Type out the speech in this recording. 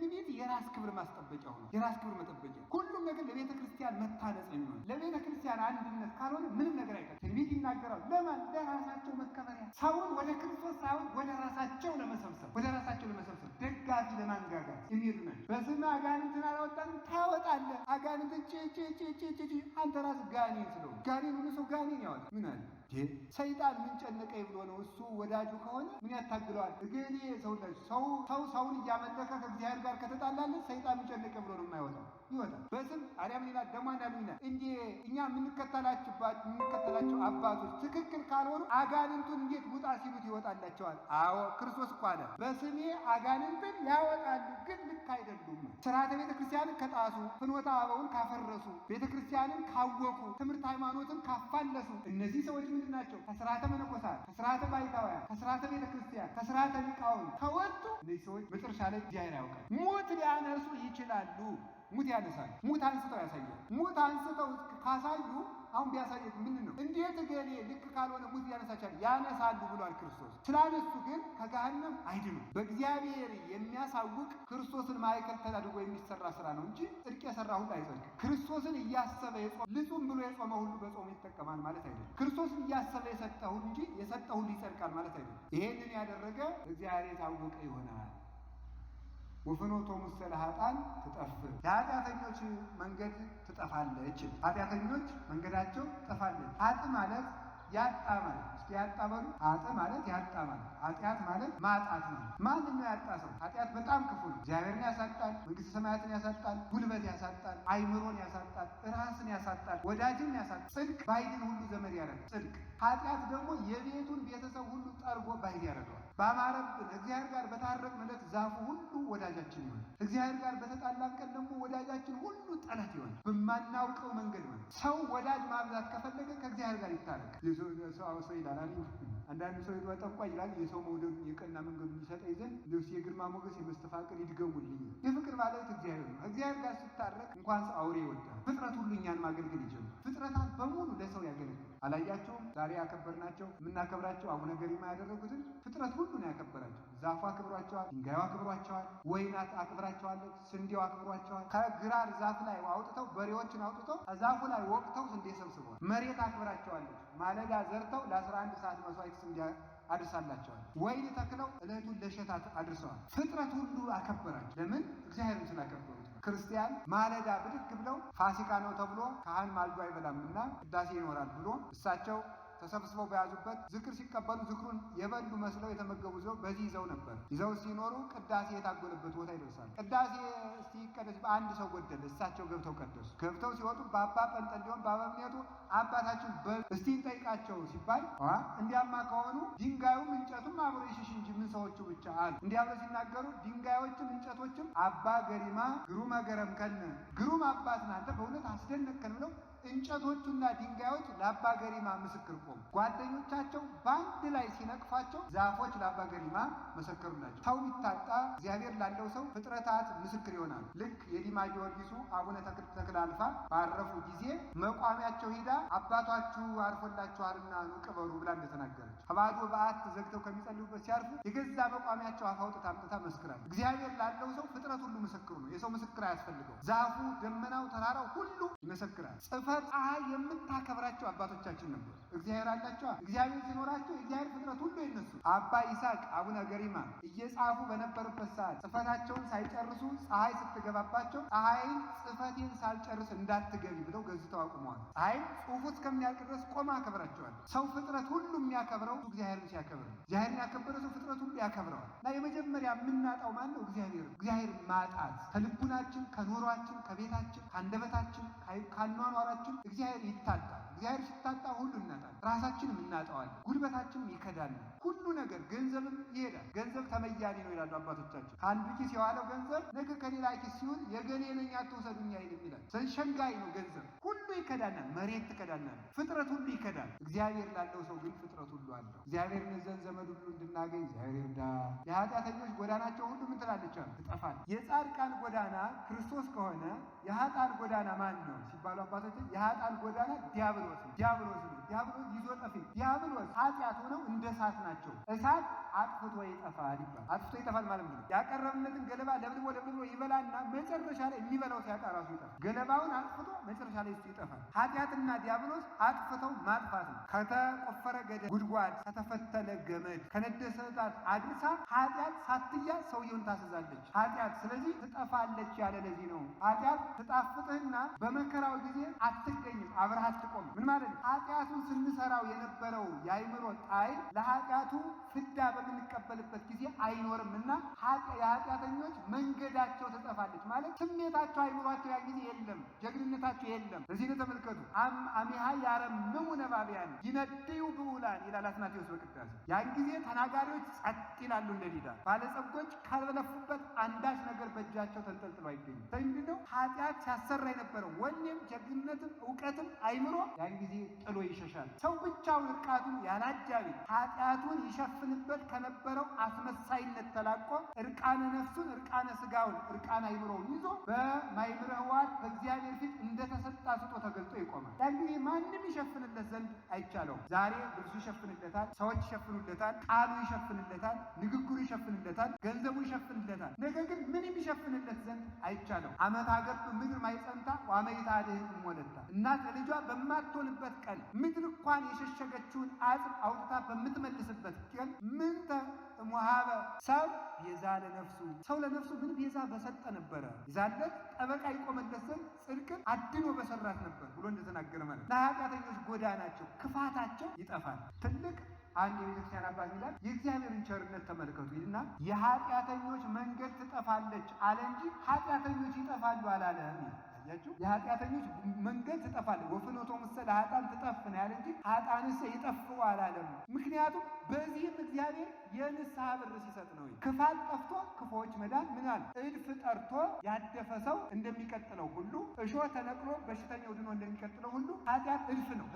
ግን ቤት የራስ ክብር ማስጠበቂያ ሆኗል። የራስ ክብር መጠበቂያ ሁሉም ነገር ለቤተ ክርስቲያን መታነጽ የሚሆን ለቤተ ክርስቲያን አንድነት ካልሆነ ምንም ነገር አይቀር። ትንቢት ይናገራል። ለማን ለራሳቸው መከበሪያ ሰውን ወደ ክርስቶስ ሳይሆን ወደ ራሳቸው ለመሰብሰብ ወደ ራሳቸው ለመሰብሰብ ደጋፊ ለማንጋጋት የሚሄዱ ነ በስም አጋንንትን አላወጣንም ታወጣለህ። አጋንንትን ጭ አንተ ራስ ጋኔን ስለሆ ጋኔን ሆነ ሰው ጋኔን ያወጣል። ምን አለ ሰይጣን ምን ጨነቀኝ ብሎ ነው እሱ ወዳጁ ከሆነ ምን ያታግለዋል? እገሌ ሰው ሰው ሰውን እያመለከ ከእግዚአብሔር ጋር ከተጣላለ ሰይጣን ምን ጨነቀኝ ብሎ ነው የማይወጣው። ይወጣል። በስም አሊያም ሌላ ደግሞ አንዳንዱ እንዲ እኛ የምንከተላችባቸው የምንከተላቸው አባቶች ትክክል ካልሆኑ አጋንንቱን እንዴት ውጣ ሲሉት ይወጣላቸዋል። አዎ ክርስቶስ እኮ አለ በስሜ አጋንንትን ያወጣሉ፣ ግን ልክ አይደሉም። ስርዓተ ቤተ ክርስቲያንን ከጣሱ ፍኖተ አበውን ካፈረሱ ቤተ ክርስቲያንን ካወቁ ትምህርት ሃይማኖትን ካፋለሱ እነዚህ ሰዎች ምንድን ናቸው? ከስርዓተ መነኮሳት፣ ከስርዓተ ባይታውያን፣ ከስርዓተ ቤተ ክርስቲያን፣ ከስርዓተ ሊቃውን ከወጡ እነዚህ ሰዎች መጨረሻ ላይ እግዚአብሔር ያውቃል ሞት ሊያነሱ ይችላሉ። ሙት ያነሳል። ሙት አንስተው ያሳያል። ሙት አንስተው ካሳዩ አሁን ቢያሳየት ምን ነው? እንዴት ገሌ ልክ ካልሆነ ሙት ያነሳቻል? ያነሳሉ ብሏል ክርስቶስ። ስላነሱ ግን ከገሃነም አይድኑም። በእግዚአብሔር የሚያሳውቅ ክርስቶስን ማዕከል ተደርጎ የሚሰራ ስራ ነው እንጂ ጽድቅ የሰራ ሁሉ አይጸድቅም። ክርስቶስን እያሰበ የጾመ ልጹም ብሎ የጾመ ሁሉ በጾሙ ይጠቀማል ማለት አይደለም። ክርስቶስን እያሰበ የሰጠ ሁሉ እንጂ የሰጠ ሁሉ ይጸድቃል ማለት አይደለም። ይሄንን ያደረገ እግዚአብሔር የታወቀ ይሆናል። ወፍኖቶ ሙሰለ ሀጣን ትጠፍር የኃጢአተኞች መንገድ ትጠፋለች። ኃጢአተኞች መንገዳቸው ትጠፋለች። ሀጥ ማለት ያጣ ማለት እስኪ ያጣ በሉ። አጥ ማለት ያጣ ማለት ኃጢአት ማለት ማጣት ማለት። ማንኛው ያጣ ሰው ኃጢአት በጣም ክፉ ነው። እግዚአብሔርን ያሳጣል፣ መንግስተ ሰማያትን ያሳጣል፣ ጉልበት ያሳጣል፣ አይምሮን ያሳጣል፣ ራስን ያሳጣል፣ ወዳጅን ያሳጣል። ጽድቅ ባይድን ሁሉ ዘመድ ያደርጋል። ጽድቅ ኃጢአት ደግሞ የቤቱን ቤተሰብ ሁሉ ጠርጎ ባይድ ያደርገዋል። ባማረብን እግዚአብሔር ጋር በታረቅን ዕለት ዛፉ ሁሉ ወዳጃችን ይሆናል። እግዚአብሔር ጋር በተጣላን ቀን ደግሞ ወዳጃችን ሁሉ ጠላት ይሆናል። በማናውቀው መንገድ ይሆናል። ሰው ወዳጅ ማብዛት ከፈለገ ከእግዚአብሔር ጋር ይታረቅ። ሰው ይላል አንዳንድ ሰው የጧ ይላል የሰው መውደዱ የቀና መንገዱ ይሰጠኝ ዘንድ ልብስ የግርማ ሞገስ የመስተፋቅር ይድገሙልኝ። የፍቅር ማለት እግዚአብሔር ነው። እግዚአብሔር ጋር ስታረቅ እንኳን አውሬ ይወዳል። ፍጥረት ሁሉ እኛን ማገልገል ይጀምራል። ፍጥረታት በሙሉ ለሰው ያገለግል። አላያቸውም? ዛሬ ያከበርናቸው የምናከብራቸው አቡነ ገሪማ ያደረጉትን ፍጥረት ሁሉ ነው ያከበራቸው። ዛፉ አክብሯቸዋል፣ ድንጋዩ አክብሯቸዋል፣ ወይናት አክብራቸዋለች፣ ስንዴው አክብሯቸዋል። ከግራር ዛፍ ላይ አውጥተው በሬዎችን አውጥተው ከዛፉ ላይ ወቅተው ስንዴ ሰብስበዋል። መሬት አክብራቸዋለች፣ ማለዳ ዘርተው ለ11 ሰዓት መስዋዕት ስንዴ አድርሳላቸዋል። ወይን ተክለው እለቱን ለሸታት አድርሰዋል። ፍጥረት ሁሉ አከበራቸው። ለምን? እግዚአብሔርን ስላከበሩት። ክርስቲያን ማለዳ ብድግ ብለው ፋሲካ ነው ተብሎ ካህን ማልዶ አይበላምና ቅዳሴ ይኖራል ብሎ እሳቸው ተሰብስበው በያዙበት ዝክር ሲቀበሉ ዝክሩን የበሉ መስለው የተመገቡ ሲሆን በዚህ ይዘው ነበር። ይዘው ሲኖሩ ቅዳሴ የታጎለበት ቦታ ይደርሳል። ቅዳሴ ሲቀደስ በአንድ ሰው ጎደለ። እሳቸው ገብተው ቀደሱ። ገብተው ሲወጡ በአባ እንዲሆን በአበምኔቱ አባታችን እስቲ እንጠይቃቸው ሲባል እንዲያማ ከሆኑ ድንጋዩም እንጨቱም አብሮ ይሽሽ እንጂ ምን ሰዎቹ ብቻ አሉ። እንዲያ ብለው ሲናገሩ ድንጋዮችም እንጨቶችም አባ ገሪማ ግሩመ ገረምከን ግሩም አባት ናንተ በእውነት አስደነቅከን ብለው እንጨቶቹና ድንጋዮች ለአባ ገሪማ ምስክር ቆሙ። ጓደኞቻቸው በአንድ ላይ ሲነቅፏቸው ዛፎች ለአባ ገሪማ መሰከሩላቸው። ሰው ቢታጣ እግዚአብሔር ላለው ሰው ፍጥረታት ምስክር ይሆናሉ። ልክ የዲማ ጊዮርጊሱ አቡነ ተክለ አልፋ ባረፉ ጊዜ መቋሚያቸው ሂዳ አባቷችሁ አርፎላችኋልና ኑ ቅበሩ ብላ እንደተናገረች ከባዶ በዓት ዘግተው ከሚጸልዩበት ሲያርፉ የገዛ መቋሚያቸው አፋውጥታ አምጥታ መስክራል። እግዚአብሔር ላለው ሰው ፍጥረት ሁሉ ምስክሩ ነው። የሰው ምስክር አያስፈልገው። ዛፉ፣ ደመናው፣ ተራራው ሁሉ ይመሰክራል። ጽፈ ፀሐይ የምታከብራቸው አባቶቻችን ነበሩ። እግዚአብሔር አላቸዋ። እግዚአብሔር ሲኖራቸው እግዚአብሔር ፍጥረት ሁሉ የነሱ አባ ይስሐቅ አቡነ ገሪማ እየጻፉ በነበሩበት ሰዓት ጽፈታቸውን ሳይጨርሱ ፀሐይ ስትገባባቸው ፀሐይን ጽፈቴን ሳልጨርስ እንዳትገቢ ብለው ገዝተው አቁመዋል። ፀሐይን ጽሁፉ እስከሚያልቅ ድረስ ቆማ አከብራቸዋል። ሰው ፍጥረት ሁሉ የሚያከብረው እግዚአብሔርን ሲያከብር፣ እግዚአብሔርን ያከበረ ሰው ፍጥረት ሁሉ ያከብረዋል። እና የመጀመሪያ የምናጣው ማን ነው? እግዚአብሔር። እግዚአብሔር ማጣት ከልቡናችን ከኖሯችን፣ ከቤታችን፣ ከአንደበታችን፣ ከአኗኗራችን መካከል እግዚአብሔር ይታልቃል። እግዚአብሔር ሲታጣ ሁሉ እናጣለን። ራሳችንም እናጠዋለን። ጉልበታችንም ይከዳል። ሁሉ ነገር ገንዘብም ይሄዳል። ገንዘብ ተመያኔ ነው ይላሉ አባቶቻችን። ከአንዱ ኪስ የዋለው ገንዘብ ነገ ከሌላ ኪስ ሲሆን የገኔ ነኝ አትውሰዱኝ አይልም ይላል። ሸንጋይ ነው ገንዘብ። ሁሉ ይከዳናል። መሬት ትከዳናል። ፍጥረት ሁሉ ይከዳል። እግዚአብሔር ላለው ሰው ግን ፍጥረት ሁሉ አለው። እግዚአብሔር ነዘን ዘመድ ሁሉ እንድናገኝ እግዚአብሔር ዳ ለኃጢአተኞች ጎዳናቸው ሁሉ ምን ትላለች? ትጠፋል። የጻድቃን ጎዳና ክርስቶስ ከሆነ የኃጥአን ጎዳና ማን ነው ሲባሉ አባቶች የኃጥአን ጎዳና ዲያብሎ ዲያብሎስ ነው። ዲያብሎስ ነው። ዲያብሎስ ይዞ ጠፊ ዲያብሎስ ኃጢአት ሆነው እንደ እሳት ናቸው። እሳት አጥፍቶ ይጠፋል ይባል። አጥፍቶ ይጠፋል ማለት ነው። ያቀረብነትን ገለባ ለብልቦ ለብልቦ ይበላና መጨረሻ ላይ የሚበላው ሲያጣ ራሱ ይጠፋል። ገለባውን አጥፍቶ መጨረሻ ላይ እሱ ይጠፋል። ኃጢአትና ዲያብሎስ አጥፍተው ማጥፋት ነው። ከተቆፈረ ገደ ጉድጓድ፣ ከተፈተለ ገመድ፣ ከነደሰ እሳት አድርሳ ኃጢአት ሳትያ ሰውየውን ታስዛለች። ኃጢአት ስለዚህ ትጠፋለች ያለ ለዚህ ነው። ኃጢአት ትጣፍጥህና በመከራው ጊዜ አትገኝም፣ አብረሃት ትቆም ምን ማለት ነው ኃጢአቱ ስንሰራው የነበረው የአይምሮ ጣይል ለኃጢአቱ ፍዳ በምንቀበልበት ጊዜ አይኖርም እና የኃጢአተኞች መንገዳቸው ተጠፋለች ማለት ስሜታቸው አይምሯቸው ያን ጊዜ የለም፣ ጀግንነታቸው የለም። እዚህ ነው ተመልከቱ። አሚሃ ያረምሙ ነባቢያን ይነድዩ ብዑላን ይላል አትናቴዎስ በቅዳሴ። ያን ጊዜ ተናጋሪዎች ጸጥ ይላሉ እንደ ዲዳ፣ ባለጸጎች አንዳች ነገር በእጃቸው ተንጠልጥሎ አይገኙም። ምንድነው ኃጢአት ሲያሰራ የነበረው ወኔም፣ ጀግንነትም፣ እውቀትም አይምሮ ያን ጊዜ ጥሎ ይሸሻል። ሰው ብቻውን እርቃቱን ያለ ኃጢአቱን ይሸፍንበት ከነበረው አስመሳይነት ተላቆ እርቃነ ነፍሱን፣ እርቃነ ስጋውን፣ እርቃነ አይምሮውን ይዞ በማይምረ ህዋት በእግዚአብሔር ፊት እንደተሰጣ ስጦ ተገልጦ ይቆማል። ያን ጊዜ ማንም ይሸፍንለት ዘንድ አይቻለውም። ዛሬ ብዙ ይሸፍንለታል፣ ሰዎች ይሸፍኑለታል፣ ቃሉ ይሸፍንለታል፣ ንግግሩ ይሸፍንለታል፣ ገንዘቡ ይሸፍንለታል። ይሸፍንለት ዘንድ አይቻለው። አመት አገብ ምድር ማይጸንታ ዋመይታ ድህን ሞለታ እናት ልጇ በማትሆንበት ቀን ምድር እንኳን የሸሸገችውን አጽም አውጥታ በምትመልስበት ቀን ምንተ ሙሃበ ሰው ቤዛ ለነፍሱ ሰው ለነፍሱ ምን ቤዛ በሰጠ ነበረ ይዛለት ጠበቃ ይቆመለት ዘንድ ጽድቅን አድኖ በሰራት ነበር ብሎ እንደተናገረ ማለት ለኃጢአተኞች ጎዳናቸው ክፋታቸው ይጠፋል ትልቅ አንድ የቤተክርስቲያን አባት ይላል የእግዚአብሔርን ቸርነት ተመልከቱ ይልና የኃጢአተኞች መንገድ ትጠፋለች አለ እንጂ ኃጢአተኞች ይጠፋሉ አላለም። ያቸው የኃጢአተኞች መንገድ ትጠፋለች፣ ወፍኖቶ ምሰለ ሀጣን ነው ያለ እንጂ ሀጣንስ ይጠፍ አላለም። ምክንያቱም በዚህም እግዚአብሔር የንስሐ ብር ሲሰጥ ነው። ክፋት ጠፍቶ ክፎች መዳን ምናል እድፍ ጠርቶ ያደፈ ሰው እንደሚቀጥለው ሁሉ እሾህ ተነቅሎ በሽተኛው ድኖ እንደሚቀጥለው ሁሉ ኃጢአት እድፍ ነው።